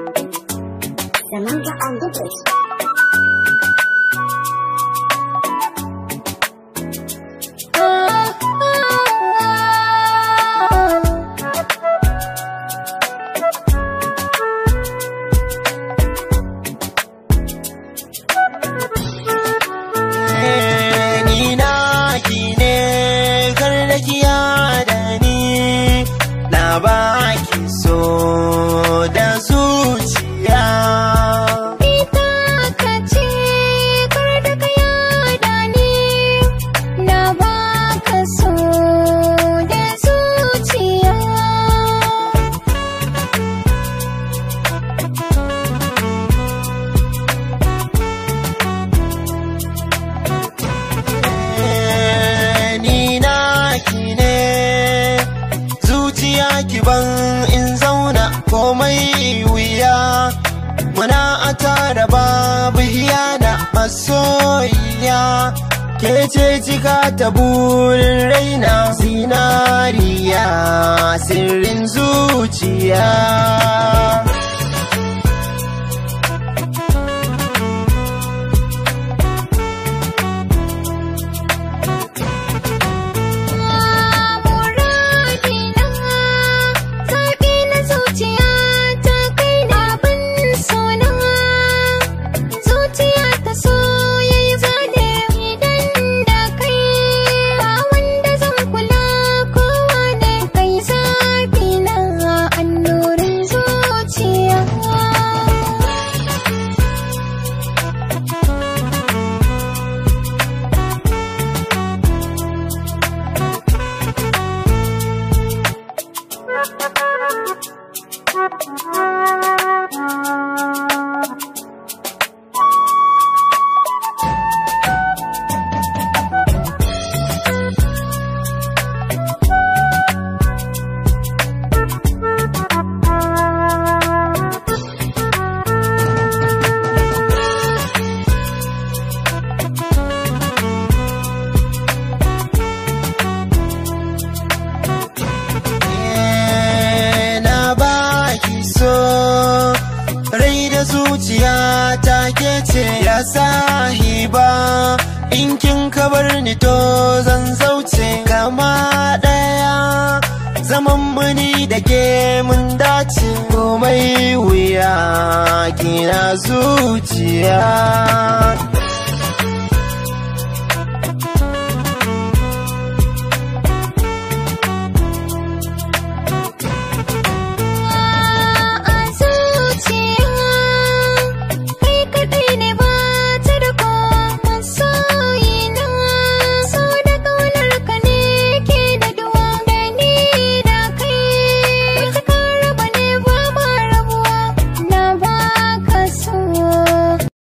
Samantha on the bridge. Oh, Na baki so da da babu hiyana masoyiya ke ce cika ta burin raina zinariya sirrin zuciya ke ce ya sahiba in kin kabar ni to zan zauce kama daya zaman muni da ke mun dace komai wuya kina zuciya